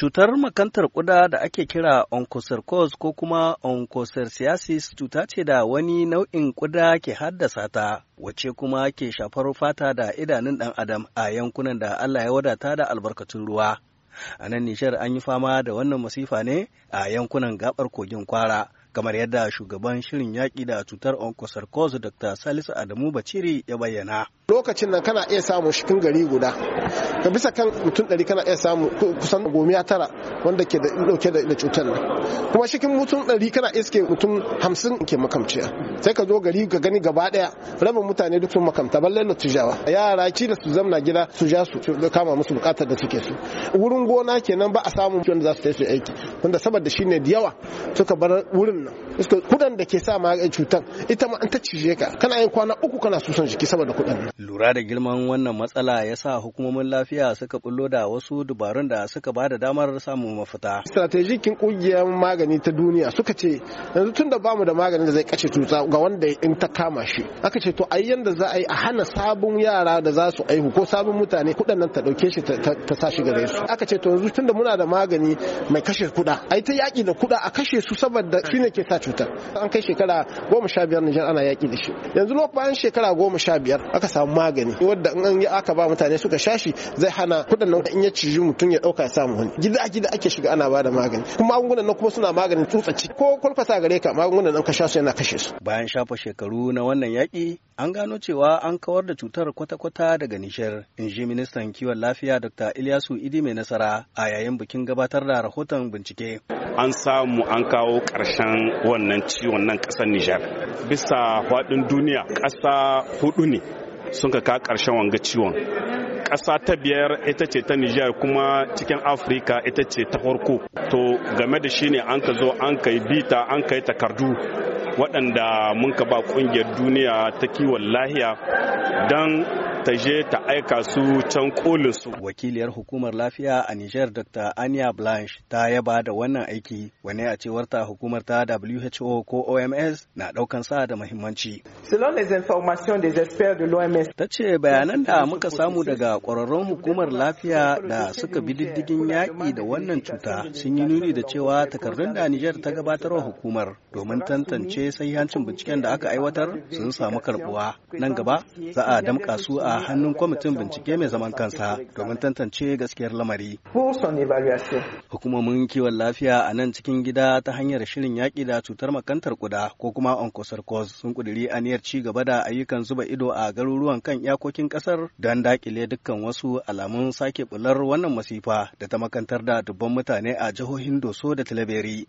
Cutar makantar kuda da ake kira onchocercose ko kuma onchocerciasis cuta ce da wani nau'in kuda ke haddasa ta, wace kuma ke shafar fata da idanun ɗan adam a yankunan da Allah ya wadata da albarkatun ruwa. A nan Nishar an yi fama da wannan masifa ne a yankunan gabar kogin kwara, kamar yadda shugaban shirin yaƙi da cutar onchocercose Dr. Salisu Adamu Baciri ya bayyana. lokacin nan kana iya samun cikin gari guda ga bisa kan mutum ɗari kana iya samu kusan a tara wanda ke da ɗauke da cutar nan kuma cikin mutum ɗari kana iske mutum hamsin ke makamciya sai ka zo gari ka gani gaba ɗaya rabin mutane duk sun makamta balle na tujawa yara ci da su zamna gida su ja su kama musu bukatar da suke su wurin gona kenan ba a samun wanda za su yi aiki wanda saboda shine da yawa suka bar wurin nan kudan da ke sa ma cutar ita ma an ta cije ka kana yin kwana uku kana susan jiki saboda kudan lura da girman wannan matsala ya sa hukumomin lafiya suka bullo da wasu dubarun da suka ba da damar samun mafita strategikin kungiyar magani ta duniya suka ce yanzu tun da bamu da maganin da zai kace tutsa ga wanda in ta kama shi aka ce to ai yanda za a yi a hana sabon yara da za su aihu ko sabon mutane kudan nan ta dauke shi ta sa shi gare su aka ce to yanzu tun da muna da magani mai kashe kuda ai ta yaki da kuda a kashe su saboda shine ke sa cutar an kai shekara goma sha biyar Nijar ana yaƙi da shi yanzu lokacin bayan shekara goma sha biyar aka samu magani wadda in aka ba mutane suka sha shi zai hana kudin nan in ya ciji mutum ya ɗauka ya samu wani gida gida ake shiga ana ba da magani kuma magungunan nan kuma suna maganin tsutsa ko kwalkwasa gare ka magungunan nan ka sha su yana kashe su bayan shafa shekaru na wannan yaƙi an gano cewa an kawar da cutar kwata-kwata daga Nijar, in ji ministan kiwon lafiya Dr. Ilyasu Idi mai nasara a yayin bikin gabatar da rahoton bincike. An samu an kawo ƙarshen wannan ciwon nan ƙasar Nijar. Bisa faɗin duniya ƙasa hudu ne sun ka ƙarshen wanga ciwon. Ƙasa ta biyar ita ce ta Nijar kuma cikin Afirka ita ce ta farko. To game da shi ne an ka zo an ka yi bita an ka yi takardu waɗanda mun ka ba ƙungiyar duniya ta kiwon lahiya don ta je ta aika su can ƙolin su. Wakiliyar hukumar lafiya a Nijar Dr. Anya Blanche ta yaba da wannan aiki wani a cewar ta hukumar ta WHO ko OMS na ɗaukan sa da muhimmanci. Ta ce bayanan da muka samu daga ƙwararrun hukumar lafiya da suka bi diddigin yaƙi da wannan cuta sun yi nuni da cewa takardun da Nijar ta gabatarwa hukumar domin tantance sai sahihancin binciken da aka aiwatar sun samu karbuwa nan gaba za a damƙa su a hannun kwamitin bincike mai zaman kansa domin tantance gaskiyar lamari hukumomin kiwon lafiya a nan cikin gida ta hanyar shirin yaƙi da cutar makantar kuda ko kuma oncocercos sun kuduri aniyar ci gaba da ayyukan zuba ido a garuruwan kan iyakokin ƙasar don daƙile dukkan wasu alamun sake bular wannan masifa da ta makantar da dubban mutane a jihohin doso da tilaberi